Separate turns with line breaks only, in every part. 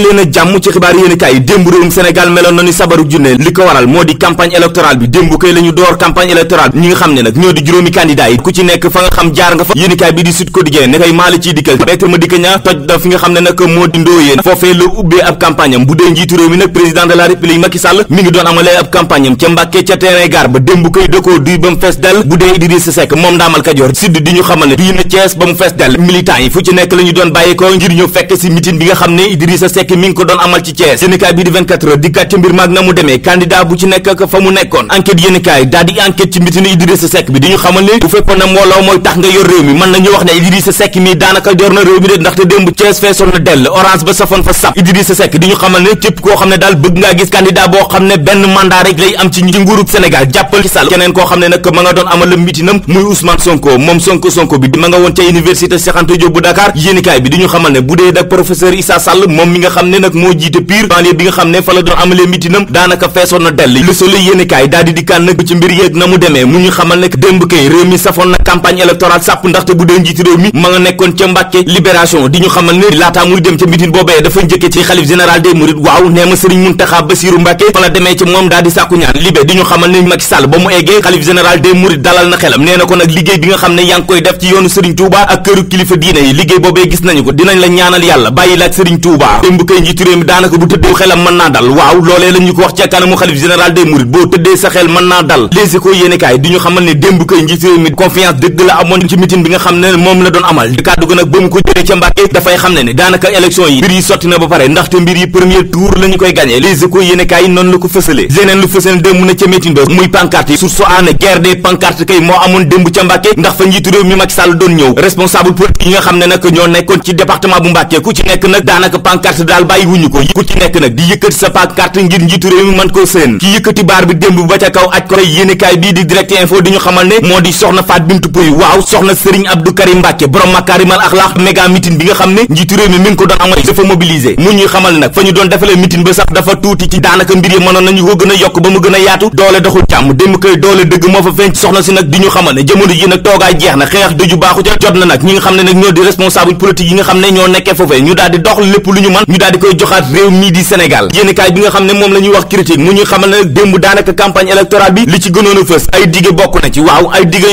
leen jàmm ci xibaar yéen kaay démb réewum Sénégal meloon na ni li ko waral moo di campagne électorale bi démb koy la door campagne toj da nga xam ne nag moo di ndóoyéen foofee la ubbee ab campagne bu dee njiitu nag président de la république Macky Sall mi ngi doon amalee ab campagne ca Mbàkke ca terrain ba démb koy dëkkoo duy ba mu fees del bu dee Idrissa Seck moom ndaamal Kajoor Sud di ñu xamal ne duy na Thiès ba Seck mi ngi ko doon amal ci Thiès yéenekaay bi di 24 heures dikkaat ci mbir maag na mu demee candidat bu ci nekk fa mu nekkoon enquête yéenekaay bi di ñu xamal ne bu dee dak professeur Issa Sall moom mi nga xam ne nag moo jiite Pire banlieue bi nga xam ne fa la doon amalee mitinam daanaka ndaxte bu dee njiiti réew mi ma nga nekkoon ca Mbàkke libération di ñu xamal ne laataa muy dem ca mitin boobee dafa njëkke ci xalif général des mourides waaw nee ma Serigne Mountakha Bassirou Mbacké fa la demee ci moom daal di sàkku ñaan libé di ñu xamal ne Macky Sall ba mu eggee xalif général des mourides dalal na xelam nee na ko nag liggéey bi nga xam ne yaa ngi koy def ci yoonu Serigne Touba ak këru kilifa diine yi liggéey boobee gis nañu ko dinañ la ñaanal yàlla bàyyi la ak Serigne démb kay njiitu mi daanaka bu tëddee xelam mën naa dal waaw loolee la ko wax ca kanamu xalif général des mourides boo tëddee sa xel mën naa dal Les Échos yéenekaay ñu xamal ne démb kay njiitu mi confiance dëgg la amoon ci meeting bi nga xam ne moom ko nag yi mbir yi sotti na ba pare ndaxte mbir yi premier tour la koy gagné Les Échos yéenekaay noonu la ko fësalee leneen lu fësal démb na ca meeting ba muy pancarte yi source ne guerre des pancartes carte daal bàyyi wuñu ko ku ci nekk nag di yëkkati sa paak carte ngir njiitu réew mi séen ki yëkkati a yokk ba a yaatu ne jamono ji baaxu ca jot na nag ñi nga xam ne nag ñoo di responsable politique yi nga xam ne ñoo nekkee foofee ñu daal dox lépp lu ñu mën ñu daal di koy joxaat réew mii ne moom la ñuy wax critique mu ñuy xamal ne démb daanaka campagne électorale bi li ci a fës ay dige bokk na ci waaw ay dige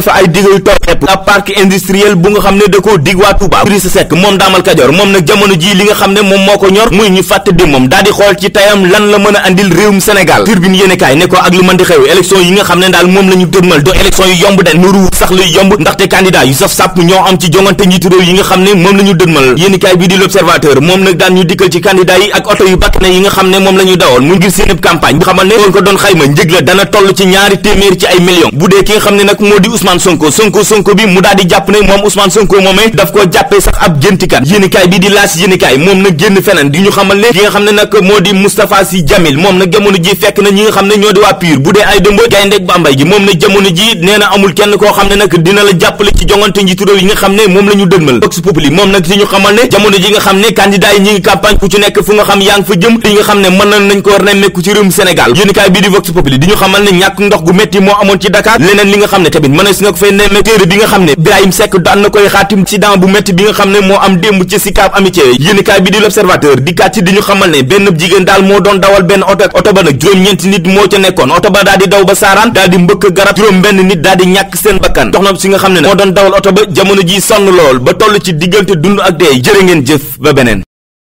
fa ay dige yu topp xepp ab parc industriel bu nga xam ne da koo dig waa Touba Idrissa Seck moom daamal Kajoor moom nag jamono ji li nga xam ne moom moo ko ñor muy ñu fàtte démbam daal di xool ci tayam lan la mën a andil réewum Sénégal turbine yéenekaay ne ko ak lu mën di xew élection yi nga xam ne daal moom la ñu dërmal do élection yu yomb den nuru sax luy yomb ndaxte candidat yu saf sàpp ñoo am ci jongante njiitu réew yi nga xam ne moom la ñu dëgmal yéenikaay bi di l'observateur moom nag daan ñu dikkal ci candidat yi ak oto yu bakkane yi nga xam ne moom la dawal mu ngir seen campagne bu xamal ne woon ko doon xayma njëg la dana toll ci ñaari téeméer ci ay millions bu dee ki nga xam ne nag moo di Ousmane Sonko Sonko bi mu daal jàpp ne moom Ousmane Sonko moomee daf koo jàppee sax ab géntikat yéenikaay bi di laas yéenikaay moom nag génn feneen xam ne moom la ñu dëgmal vox populi moom nag ci ñu xamal ne jamono ji nga xam ne candidat yi ñi ngi campagne ku ci nekk fu nga xam yaa nga xam ne mën nañ ko war ne mekku ci réewum Sénégal yéenekaay bii di vox populi di ñu ndox gu métti moo amoon ci Dakar leneen li nga xam ne tamit mën na ko fay nemmeeku téere bi nga xam ne Birahim Seck daan xaatim ci bu métti bi nga xam ne moo am démb ci Sicap Amitié yéenekaay bi di l'observateur di kat ci di ñu xamal ne benn jigéen daal moo doon dawal benn oto ak oto ba nag juróom-ñeenti nit moo ca nekkoon oto ba daal di daw ba saaraan daal di mbëkk garab juróom benn nit nga xam ne nag moo doon dawal oto ji sonn lool ba toll ci diggante dund ak dee jërë ngeen jëf ba beneen